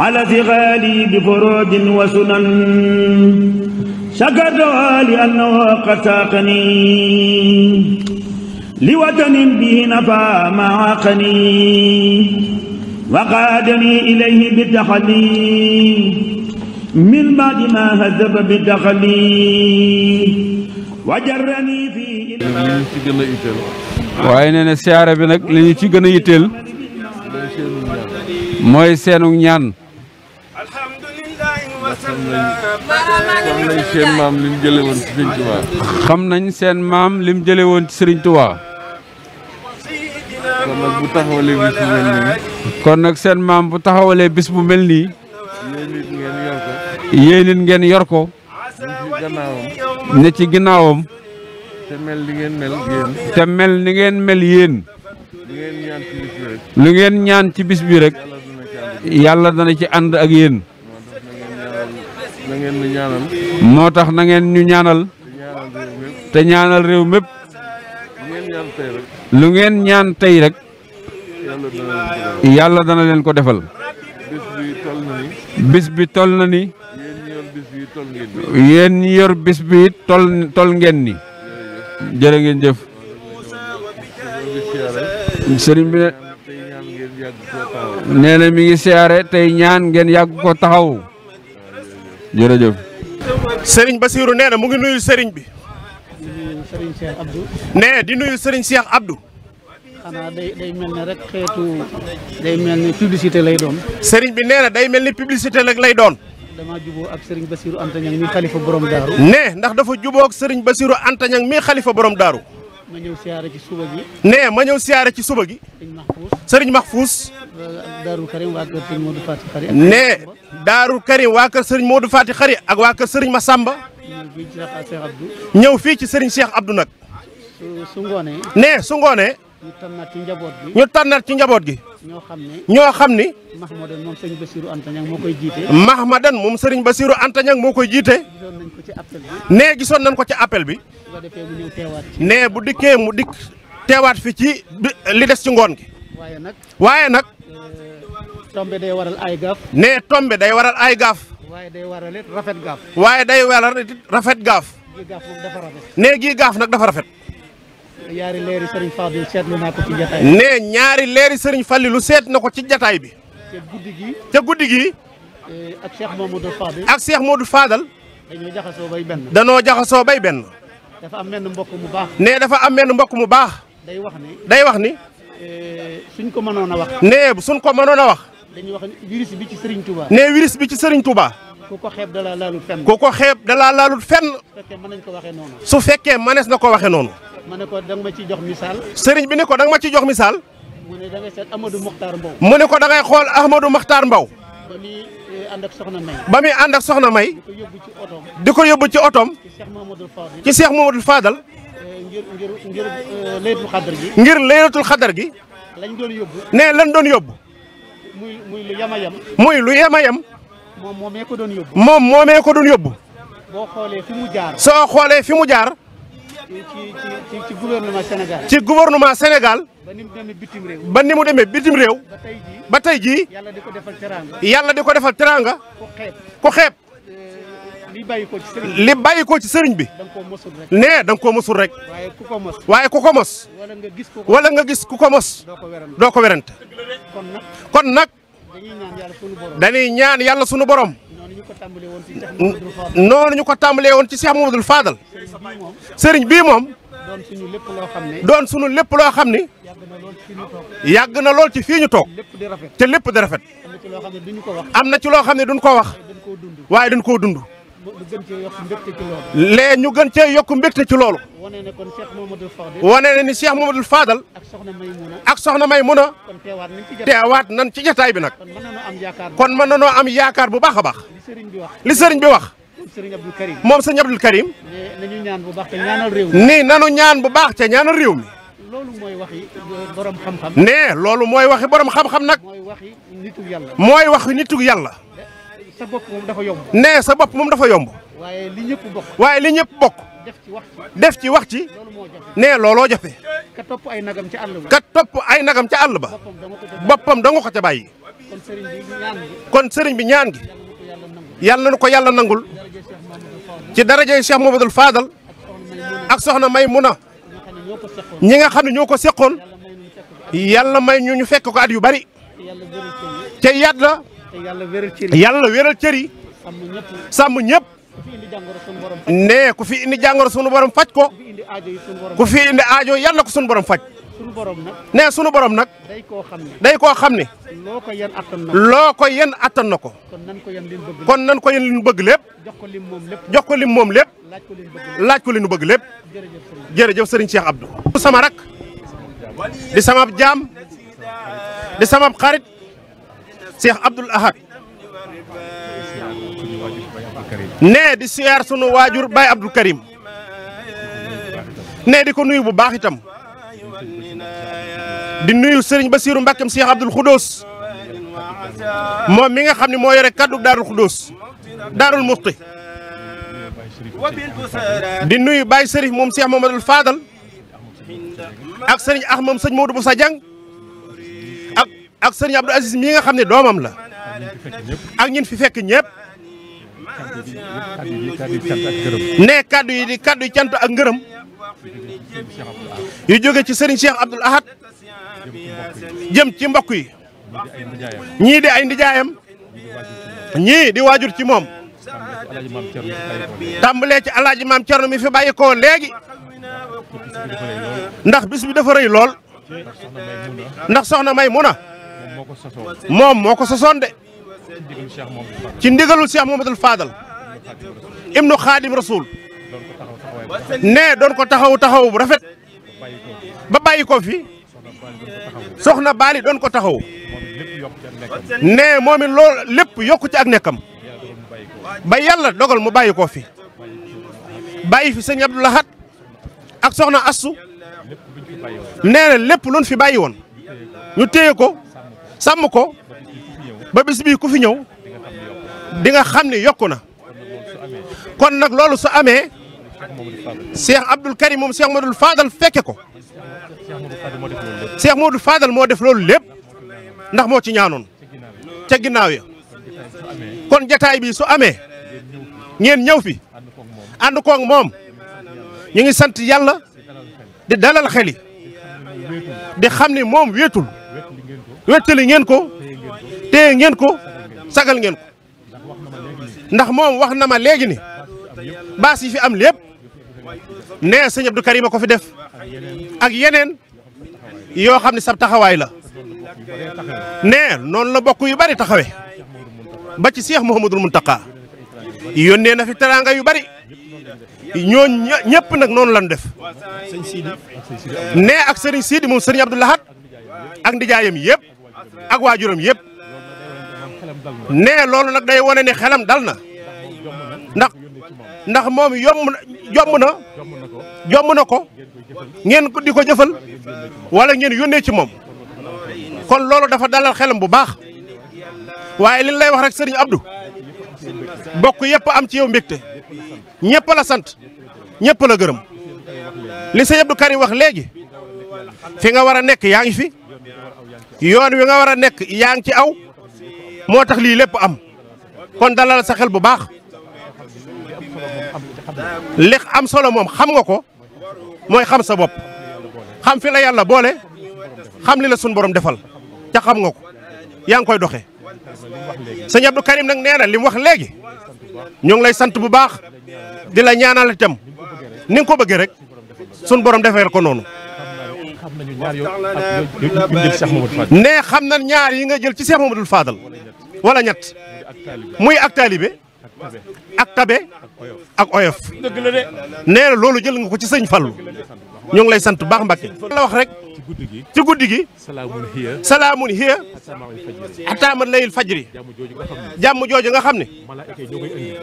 على ثغالي بفروج وسنن شكرتها لأنه قد ساقني لوطن به نفى ما عاقني وقادني إليه بالتخلي من بعد ما هذب بالتخلي وجرني في waaye nee na siyaare bi nag li ñu ci gën a yitteel mooy seenu ñaan xam nañ xam nañ seen maam lim jële woon ci Serigne Touba. xam nañ seen maam lim jële ci Serigne Touba. kon nag bu taxawalee bis bu mel nii. kon seen maam bu taxawalee bis bu mel nii. yéen ngeen yor ko. ne ci ginnaawam. te mel ni ngeen mel yéen. te mel ni ngeen mel yéen. lu ngeen ñaan ci bis bi rek. yàlla dana ci ànd ak yéen. ngeen ñu moo tax na ngeen ñu ñaanal. te ñaanal réew mépp lu ngeen ñaan tey rek. yàlla dana leen ko defal. bis bi tol na ni. yéen ñi yor bis bi toll ngeen ni. jërë ngeen jëf. sëriñ bi ne. nee na mi ngi siyaare tey ñaan ngeen yàgg ko taxaw. jërëjëf. Serigne Bassirou nee na mu ngi nuyu Serigne bi. nee di nuyu Serigne Cheikh Abdou. xanaa day mel ni rek day mel ne publicité lay doon. Serigne bi nee na day mel ni publicité rek lay doon. damaa juboo ak Serigne Bassirou Anta Niang mi borom daaru. nee ndax dafa juboo ak Serigne Bassirou Anta Niang xalifa borom daaru. ma ñëw siyaare ci suba gi. nee ma ñëw siyaare ci suba gi. Serigne Mahfous. Serigne nee. daarul karim waa kër sëriñ Modou Fati Xari ak waa kër sëriñ Massamba ñëw fii ci sëriñ Cheikh Abdou nag su ngoonee ne su ngoonee ñu tànnaat ci njaboot gi ñu tànnaat ci njaboot gi ñoo xam ni ñoo xam ni Mahmadan moom sëriñ ba siiru Niang moo koy jiite Mahmadan moom sëriñ Bassirou Anta Niang moo koy jiite ne gisoon nañ ko ci appel bi nee bu dikkee mu dikk teewaat fi ci li des ci ngoon gi waaye nag euh, tombe day waral ay gaaf. nee tombe day waral ay gaaf. waaye day waral rafet gaaf. waaye day waral rafet gaaf. gii gaaf nee gii gaaf nag dafa rafet. ñaari leeri Serigne Fallou seetlu nee ñaari leeri Serigne Fallou seet na ko ci jataay bi. ca guddi gi ca guddi gi. E, ak Cheikh Modou Fadal. ak Cheikh Modou Fadal. dañoo jaxasoo bay benn. danoo jaxasoo bay benn. dafa am menn mbokk mu nee dafa am menn mbokk mu baax. day wax ni day wax ni. Eh, suñ a wax. nee suñ ko mënoon a wax. dañuy wax virus bi ci Serigne Touba. nee virus bi ci Serigne Touba. ku ko xeeb dalaa laalut fenn. ku ko xeeb dalaa laalut su fekkee mën nañ ko waxee noonu. su fekkee mënees na ko waxee noonu. ma ne ko danga ma ciy jox misaal. Serigne bi ne ko danga ma ciy jox misaal. mu ne dangay seet Amadou Mokhtar Mbow. mu ne ko dangay xool Amadou Mokhtar Mbow. ba muy eh, ànd ak soxna May. ba muy ànd ak soxna May. di ko yóbbu ci otoom. di ko yóbbu ci otoom. ci Cheikh Mamadou Fadal. ci Cheikh ngir ngir ngir euh, laylatul xadar gi. ngir laylatul xadar gi. lañ doon yóbbu. ne lan doon yóbbu. muy muy lu yama yam. muy lu yama yam. moom moomee ko doon yóbbu. moom moomee ko doon boo xoolee fi mu jaar. soo xoolee fi mu jaar. ci ci ci gouvernement ci gouvernement Sénégal. ba ni mu demee bitim réew. ba ni mu demee bitim réew. ba tey jii. yàlla di ko defal teraanga. yàlla di ko defal teraanga. ku xeeb li bàyyi ko ci sëriñ bi bàyyi ko ci sëriñ bi. nee da nga koo mosul rek. waaye ku ko mos. waaye ku ko mos. wala nga gis ku ko wala nga gis ku ko mos. doo ko werante kon nag kon nag. dañuy ñaan yàlla sunu borom. noonu ñu ko tàmbalee woon ci Cheikh Mamadou Fadal. sëriñ bii moom. doon suñu lépp loo xam ne. doon suñu lépp loo xam ne. yàgg na lool ci fii ñu toog. te lépp di rafet. am na ci loo xam ne duñ ko wax. waaye dañ koo dund. ñu gën cee yokk mbégte ci loolu. ñu gën cee yokk mbégte ci loolu. wane ne kon Cheikh Mamadou Fadal. wane ne ni Cheikh Mamadou Fadal. ak soxna Maymuna. ak soxna Maymuna. kon teewaat nañ ci jotaay teewaat nañ ci jataay bi nag. kon mën nañoo am yaakaar kon mën nañoo am yaakaar bu baax a baax. li sëriñ bi wax li sëriñ bi wax. sëriñ Abdul Karim moom sëriñ Abdul Karim. ne nañu ñaan bu baax te ñaanal réew mi. nii nanu ñaan bu baax te ñaanal réew mi. loolu mooy waxi borom xam-xam. nee loolu mooy waxi borom xam-xam nag. mooy waxi nitug yàlla. mooy waxi nitug yàlla. sa bopp moom dafa yomb. nee sa bopp moom dafa yomb. waaye li ñëpp bokk. waaye li ñëpp bokk. def ci wax ci def ci wax ci. nee looloo jafe. ka topp ay nagam ca àll ba. ka topp ay nagam ca àll ba. boppam danga ko ca bàyyi. kon sëriñ bi ñaan gi. kon sëriñ bi ñaan gi. na ko yàlla nangul. ci darajay Cheikh Mouhamadoul Fadal. ak soxna May Muna. ñi nga xam ne ñoo ko seqoon. yàlla may ñu ñu fekk ko at yu bari. te yàlla. yàlla wéral cër yi sàmm ñëpp nee ku fi indi jàngoro sunu borom faj ko ku fi indi aajo yal na ko sunu borom faj nee sunu borom nag day koo xam ne loo ko yen attan na ko kon nan ko yen li ñu bëgg lépp jox li moom lépp laaj ko li ñu bëgg lépp jërëjëf sëriñ Cheikh Abdou sama rak di sama jaam di sama xarit Cheikh Abdoul Ahad nee di siyaar sunu waajur Baye Abdou Karim nee di ko nuyu bu baax itam di nuyu sëriñ Bassirou Mbackeem Cheikh Abdoul Khoudous moom mi nga xam ni moo yore kaddu Daarul Khoudous Daarul Muxti di nuyu Baye sëriñ moom Cheikh Mamadou Fadal ak sëriñ Ax moom sëñ Modou Moussa Diang ak sëriñ Abdou Aziz mii nga xam ne doomam la ak ñin fi fekk ñëpp ne kaddu yi di kaddu yi cant ak ngërëm yu jóge ci sëriñ Cheikh Abdoul Ahad jëm ci mbokk yi ñii di ay ndijaayam ñii di waajur ci moom tàmbalee ci alaaji maam Cerno mi fi bàyyi ko léegi ndax bis bi dafa rëy lool ndax soxna may muna moom moo ko sosoon de ci ndigalul Cheikh Mouhamadoul Fadal ibnu Xaadim Rasul ne doon ko taxaw taxaw bu rafet ba bàyyi koo fi soxna Baali doon ko taxaw ne moom it loolu lépp yokku ci ak nekkam ba yàlla dogal mu bàyyi koo fi bàyyi fi sëñ Abdou Lahad ak soxna Assu nee lépp luñ fi bàyyi woon ñu téye ko sàmm ko ba bis bii ku fi ñëw di nga xam ne yokku na kon nag loolu su amee Cheikh Abdoul Karim moom Cheikh Modou Fadal fekke ko Cheikh Modou Fadal moo def loolu lépp ndax moo ci ñaanoon ca ginnaaw ya kon jataay bi su amee ngeen ñëw fi ànd koog moom ñu ngi sant yàlla di dalal xel di xam ne moom wéetul wettali ngeen ko te ngeen ko sagal ngeen ko ndax moom wax na ma léegi ni baas yi fi am lépp nee sëñ Abdou Karim a ko fi def ak yeneen yoo xam ne sab taxawaay la nee noonu la bokk yu bari taxawe ba ci Cheikh Mouhamadul Mountakha yónnee na fi teraanga yu bari ñooñ ñëpp nag noonu lan def nee ak sëriñ Sidi moom sëriñ Abdou Lahad ak ndijaayam yëpp ak waajuram yëpp nee loolu nag day wane ne xelam dal na ndax ndax moom yomb na jomm na yomb na ko ngeen ko di ko jëfal wala ngeen yónnee ci moom kon loolu dafa dalal xelam bu baax waaye liñ lay wax rek sëriñ Abdou bokk yëpp am ci yow mbégte ñëpp a sant ñëpp la gërëm li sëriñ Abdou Karim wax léegi fi nga war a nekk yaa ngi fi. yoon wi nga war a nekk yaa ngi ci aw moo tax lii lépp am kon dalal sa xel bu baax lex am solo moom xam nga ko mooy xam sa bopp xam fi la yàlla boole xam li la sun borom defal ca xam nga ko yaa ngi koy doxe sëñ Abdou Karim nag nee na li mu wax léegi ñoo ngi lay sant bu baax di la ñaanal itam ni ko bëggee rek sun borom defeel ko noonu ne xam na ñaar yi nga jël ci Cheikh Mamadou Fadal wala ñett muy ak taalibe ak tabe ak oyof nee loolu jël nga ko ci sëñ Fallou ñoo ngi lay sant bu baax Mbàkke la wax rek ci guddi gi salaamun hiya hatta man layil fajri jàmm jooju nga xam ne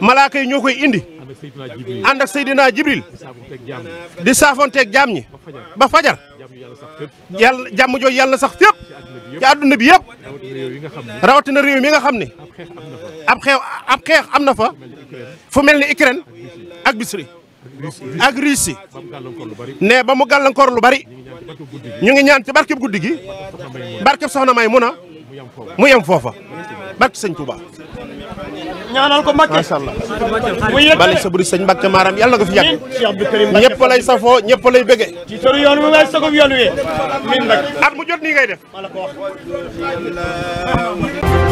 malaaka yi ñoo koy indi ànd ak Seydina Jibril di saafonteeg jaam ñi ba fajar yàlla jàmm jooju yàlla sax fépp ci àdduna bi yëpp rawatina réew mi nga xam ne ab xeex ab xeex am na fa fu mel ni Ukraine ak Bisri ak Russie ne ba mu gàllankoor lu bari ñu ngi ñaan ci barkeb guddi gi barkeb soxna May mun a mu yem foofa barke sëñ Touba. ñaanal ko Mbacke macha allah muy yëg sa buri sëñ Mbacke maaram yàlla na ko fi yàgg ñëpp lay safoo ñëpp lay bëgge ci sori yoon wi waaye yoon wi min nag at mu jot nii ngay def